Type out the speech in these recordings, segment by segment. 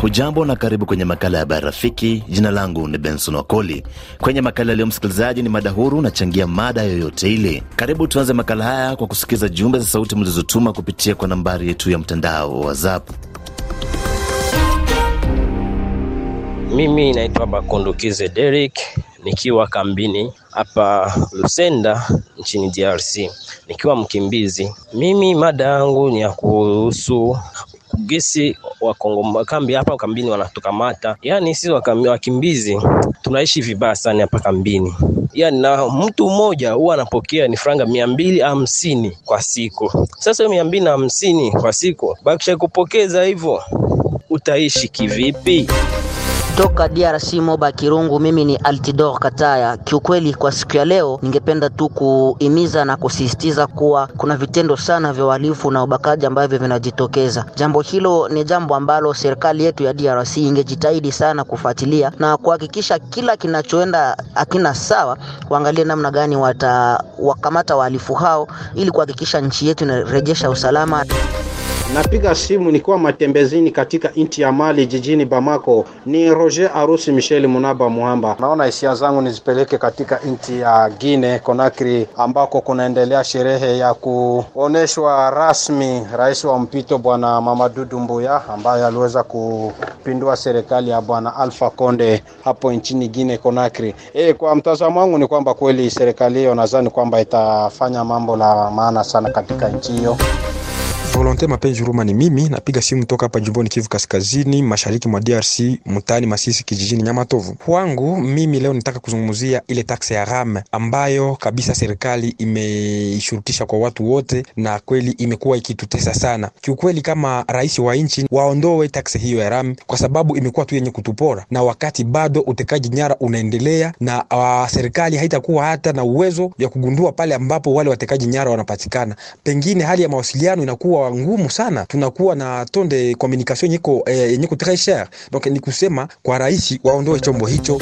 Hujambo na karibu kwenye makala ya habari rafiki. Jina langu ni Benson Wakoli. Kwenye makala yaliyo, msikilizaji, ni mada huru, nachangia mada yoyote ile. Karibu tuanze makala haya kwa kusikiza jumbe za sauti mlizotuma kupitia kwa nambari yetu ya mtandao wa WhatsApp. Mimi naitwa Bakundukize Derik nikiwa kambini hapa Lusenda nchini DRC nikiwa mkimbizi. Mimi mada yangu ni ya kuhusu gesi wa Kongo kambi hapa kambini wanatukamata, yaani sisi wakimbizi tunaishi vibaya sana hapa kambini. Yani, na mtu mmoja huwa anapokea ni franga mia mbili hamsini kwa siku. Sasa mia mbili na hamsini kwa siku bakisha kupokeza hivyo, utaishi kivipi? Kutoka DRC Moba Kirungu, mimi ni Altidor Kataya. Kiukweli, kwa siku ya leo, ningependa tu kuhimiza na kusisitiza kuwa kuna vitendo sana vya uhalifu na ubakaji ambavyo vinajitokeza. Jambo hilo ni jambo ambalo serikali yetu ya DRC ingejitahidi sana kufuatilia na kuhakikisha kila kinachoenda akina sawa, waangalie namna gani watawakamata wahalifu hao ili kuhakikisha nchi yetu inarejesha usalama. Napiga simu nikiwa matembezini katika nchi ya Mali jijini Bamako. Ni Roger Arusi Michel Munaba Muhamba. Naona hisia zangu nizipeleke katika nchi ya guine Conakry ambako kunaendelea sherehe ya kuoneshwa rasmi rais wa mpito bwana Mamadou mbuya ambaye aliweza kupindua serikali ya bwana Alpha Conde hapo nchini guine Conakry. E, kwa mtazamo wangu ni kwamba kweli serikali hiyo nadhani kwamba itafanya mambo la maana sana katika nchi hiyo. Volontaire Mapenzi Huruma ni mimi, napiga simu toka hapa jumboni Kivu Kaskazini, mashariki mwa DRC, mtaani Masisi, kijijini Nyamatovu. Kwangu mimi leo nitaka kuzungumzia ile taksi ya RAM ambayo kabisa serikali imeishurutisha kwa watu wote, na kweli imekuwa ikitutesa sana kiukweli. Kama rais wa nchi waondoe taksi hiyo ya RAM kwa sababu imekuwa tu yenye kutupora, na wakati bado utekaji nyara unaendelea, na uh, serikali haitakuwa hata na uwezo ya kugundua pale ambapo wale watekaji nyara wanapatikana. Pengine hali ya mawasiliano inakuwa ngumu sana, tunakuwa na tonde communication yenyeko eh, très cher. Donc ni kusema kwa rais waondoe chombo hicho.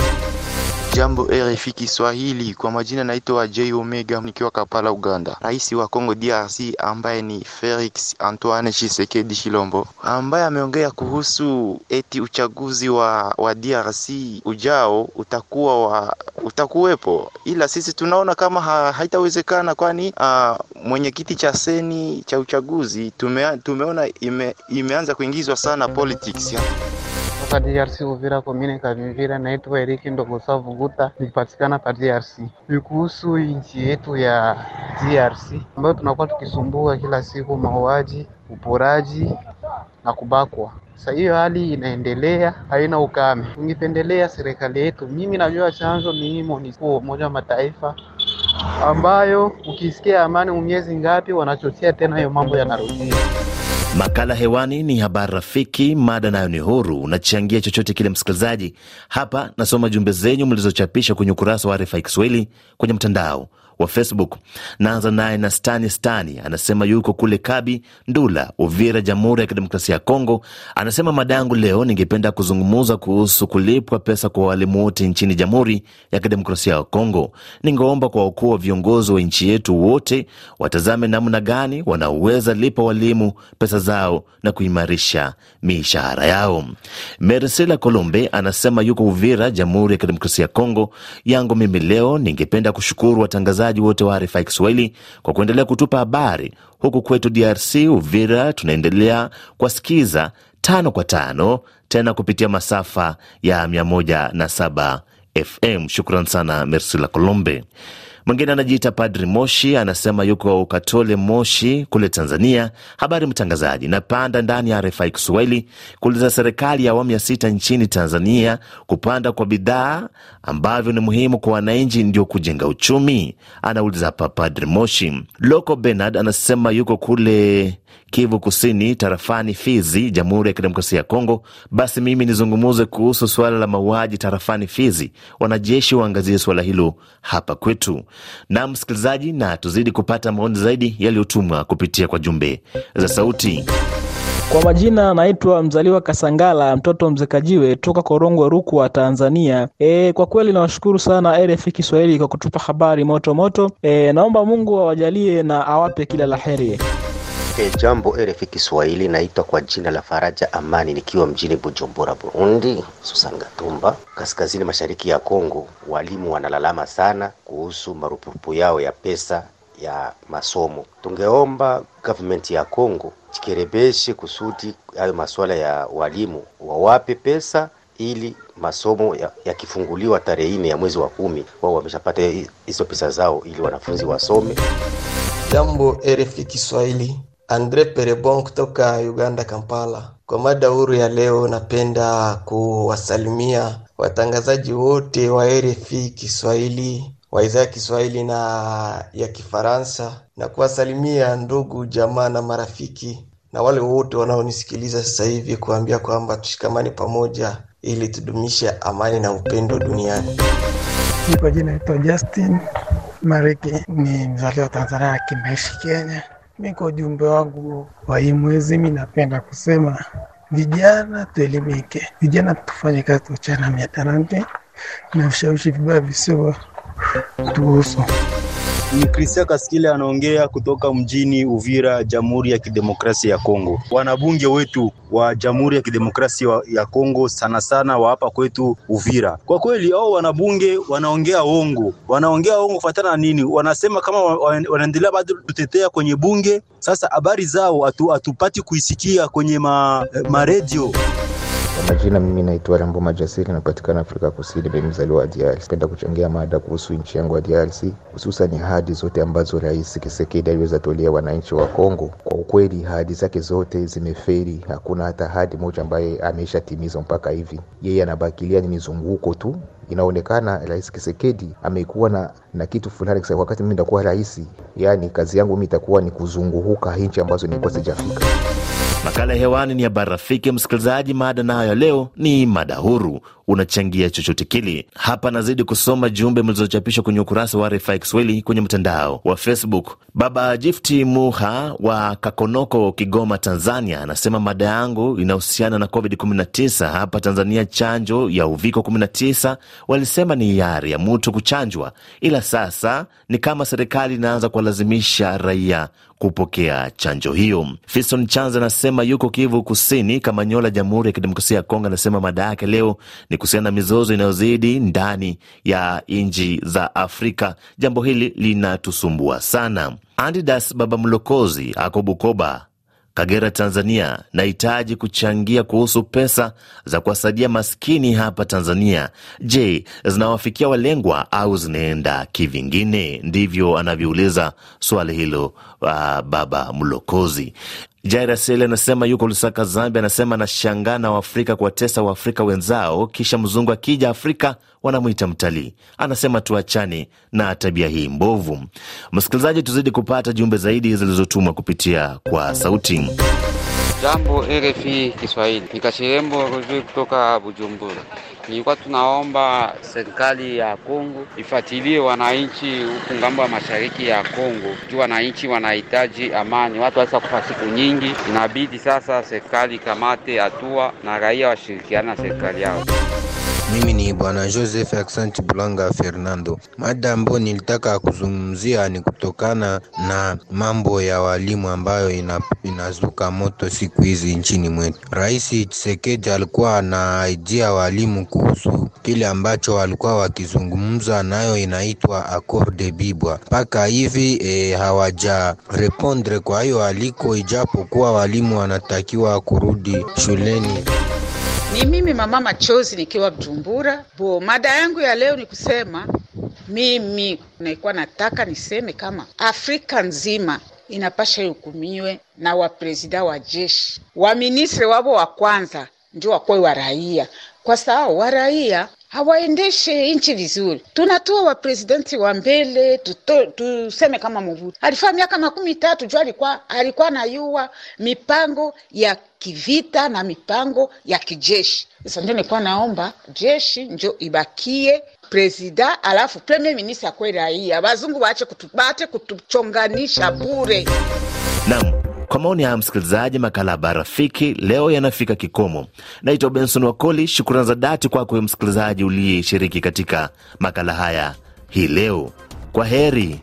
Jambo RFI Kiswahili, kwa majina naitwa J Omega nikiwa Kapala, Uganda. Rais wa Kongo DRC ambaye ni Felix Antoine Tshisekedi Chilombo ambaye ameongea kuhusu eti uchaguzi wa, wa DRC ujao utakuwa wa, utakuwepo, ila sisi tunaona kama ha, haitawezekana kwani uh, mwenyekiti cha seni cha uchaguzi tume, tumeona ime, imeanza kuingizwa sana politics ya kutoka DRC Uvira, komine Kavimvira. Naitwa Eriki Ndogosa Vuguta, nikipatikana pa DRC. Ni kuhusu nchi yetu ya DRC ambayo tunakuwa tukisumbuka kila siku, mauaji, uporaji na kubakwa. Sasa hiyo hali inaendelea, haina ukame. Tungependelea serikali yetu, mimi najua chanzo ni MONUSCO, Umoja wa Mataifa ambayo ukisikia amani, umyezi ngapi wanachochea tena, hiyo mambo yanarudia. Makala hewani ni habari rafiki, mada nayo ni huru. Unachangia chochote kile, msikilizaji. Hapa nasoma jumbe zenyu mlizochapisha kwenye ukurasa wa RFI Kiswahili kwenye mtandao wa Facebook. Naanza naye na Stani Stani, anasema yuko kule Kabi Ndula, Uvira, Jamhuri ya Kidemokrasia ya Kongo. Anasema mada yangu leo, ningependa kuzungumuza kuhusu kulipwa pesa kwa walimu wote nchini Jamhuri ya Kidemokrasia ya Kongo. Ningeomba kwa wakuu wa viongozi wa nchi yetu wote watazame namna gani wanaweza lipa walimu pesa zao na kuimarisha mishahara yao. Merisela Kolombe anasema yuko Uvira, Jamhuri ya Kidemokrasia ya Kongo. Yangu mimi leo ningependa kushukuru watangazaji wasikilizaji wote wa RFI Kiswahili kwa kuendelea kutupa habari. Huku kwetu DRC Uvira, tunaendelea kuwasikiza tano kwa tano tena kupitia masafa ya 107 FM. Shukran sana, mersi la Colombe. Mwingine anajiita Padri Moshi, anasema yuko Ukatole Moshi kule Tanzania. Habari mtangazaji, napanda ndani ya RFI Kiswahili kuuliza serikali ya awamu ya sita nchini Tanzania kupanda kwa bidhaa ambavyo ni muhimu kwa wananchi ndio kujenga uchumi. Anauliza hapa Padri Moshi. Loko Bernard anasema yuko kule Kivu Kusini, tarafani Fizi, Jamhuri ya Kidemokrasia ya Kongo. Basi mimi nizungumuze kuhusu suala la mauaji tarafani Fizi, wanajeshi waangazie suala hilo hapa kwetu. Na msikilizaji, na tuzidi kupata maoni zaidi yaliyotumwa kupitia kwa jumbe za sauti. Kwa majina naitwa mzaliwa Kasangala mtoto mzekajiwe toka Korongwe, Rukwa, Tanzania. E, kwa kweli nawashukuru sana RFI Kiswahili kwa kutupa habari moto moto. E, naomba Mungu awajalie na awape kila la heri. E, jambo RFI Kiswahili, naitwa kwa jina la Faraja Amani nikiwa mjini Bujumbura, Burundi, hususan Gatumba, kaskazini mashariki ya Kongo. Walimu wanalalama sana kuhusu marupurupu yao ya pesa ya masomo. Tungeomba government ya Kongo jikerebeshe kusudi hayo masuala ya walimu wawape pesa ili masomo yakifunguliwa ya tarehe nne ya mwezi wa kumi, wao wameshapata hizo pesa zao ili wanafunzi wasome. Jambo RFI Kiswahili, Andre Perebon kutoka Uganda, Kampala. Kwa mada huru ya leo, napenda kuwasalimia watangazaji wote wa RFI Kiswahili, wa idhaa ya Kiswahili na ya Kifaransa, na kuwasalimia ndugu jamaa na marafiki na wale wote wanaonisikiliza sasa hivi, kuambia kwamba tushikamane pamoja ili tudumishe amani na upendo duniani. Kwa jina naitwa Justin Mariki, ni mzaliwa wa Tanzania, kimeishi Kenya Mi kwa ujumbe wangu wa hii mwezi, mi napenda kusema vijana tuelimike, vijana tufanye kazi, tuachana mia miadarati na vishawishi vibaya visio tuhusu. Ni Christian Kaskile anaongea kutoka mjini Uvira, Jamhuri ya Kidemokrasia ya Kongo. Wanabunge wetu wa Jamhuri ya Kidemokrasia ya Kongo sana sana wa hapa kwetu Uvira, kwa kweli hao wanabunge wanaongea uongo, wanaongea uongo fatana na nini? Wanasema kama wanaendelea bado kutetea kwenye bunge. Sasa habari zao hatupati kuisikia kwenye ma, eh, ma radio. Kwa majina mimi naitwa Rambo Majasiri, napatikana Afrika Kusini, mimi mzaliwa wa DRC. Napenda kuchangia mada kuhusu nchi yangu ya DRC, hususan ahadi zote ambazo Rais Tshisekedi aliweza tolea wananchi wa Kongo. Kwa ukweli ahadi zake zote zimeferi, hakuna hata ahadi moja ambaye ameisha timiza mpaka hivi. Yeye anabakilia ni mizunguko tu. Inaonekana Rais Tshisekedi amekuwa na, na kitu fulani kwa wakati mimi nitakuwa rais, yani kazi yangu mimi itakuwa ni kuzunguhuka nchi ambazo nilikuwa sijafika. Makala ya hewani ni habari rafiki, msikilizaji. Mada nayo ya leo ni mada huru unachangia chochote kile. Hapa nazidi kusoma jumbe mlizochapishwa kwenye ukurasa wa RFI Kiswahili kwenye mtandao wa Facebook. Baba Jifti Muha wa Kakonoko, Kigoma, Tanzania, anasema mada yangu inahusiana na COVID-19 hapa Tanzania. Chanjo ya uviko 19 walisema ni hiari ya mtu kuchanjwa, ila sasa ni kama serikali inaanza kuwalazimisha raia kupokea chanjo hiyo. Fiston Chanza anasema yuko Kivu Kusini, Kamanyola, Jamhuri ya Kidemokrasia ya Kongo, anasema mada yake leo ni kuhusiana na mizozo inayozidi ndani ya nchi za Afrika. Jambo hili linatusumbua sana. Andidas Baba Mlokozi ako Bukoba, Kagera, Tanzania. Nahitaji kuchangia kuhusu pesa za kuwasaidia maskini hapa Tanzania. Je, zinawafikia walengwa au zinaenda kivingine? Ndivyo anavyouliza swali hilo uh, Baba Mlokozi. Jair Aseli anasema yuko Lusaka, Zambia. Anasema anashangaa na Waafrika kuwatesa Waafrika wenzao, kisha mzungu akija Afrika wanamwita mtalii. Anasema tuachane na tabia hii mbovu. Msikilizaji, tuzidi kupata jumbe zaidi zilizotumwa kupitia kwa sauti. Jambo RFI Kiswahili, Nikashirembo Rozi kutoka Bujumbura. Nilikuwa tunaomba serikali ya Kongo ifuatilie wananchi huku ngambo ya mashariki ya Kongo, juu wananchi wanahitaji amani. Watu waweza kufa siku nyingi, inabidi sasa serikali kamate hatua na raia washirikiana na serikali yao. Mimi ni Bwana Joseph Accent Bulanga Fernando. Mada ambayo nilitaka kuzungumzia ni kutokana na mambo ya walimu ambayo ina, inazuka moto siku hizi nchini mwetu. Rais Tshisekedi alikuwa anaahidia walimu kuhusu kile ambacho walikuwa wakizungumza nayo inaitwa accord de bibwa, mpaka hivi e, hawaja repondre kwa hiyo aliko, ijapokuwa walimu wanatakiwa kurudi shuleni. Ni mimi mama machozi nikiwa Mtumbura. bo. Mada yangu ya leo ni kusema, mimi naikuwa nataka niseme kama Afrika nzima inapasha ihukumiwe na waprezida wa jeshi, waministre wavo wa kwanza ndio wakuwe wa raia, kwa sababu wa raia hawaendeshe nchi vizuri. Tunatoa waprezidenti wa mbele tuto, tuseme kama Mobutu alifaa miaka makumi tatu juu alikuwa alikuwa nayua mipango ya kivita na mipango ya kijeshi. Sasa ndio nilikuwa naomba jeshi njo ibakie presida, alafu premier ministre akwe raia, wazungu waache kutubate kutuchonganisha bure. nam kwa maoni haya msikilizaji, makala ya Rafiki leo yanafika kikomo. Naitwa Benson Wakoli. Shukrani za dhati kwako kwa msikilizaji uliyeshiriki katika makala haya hii leo. Kwa heri.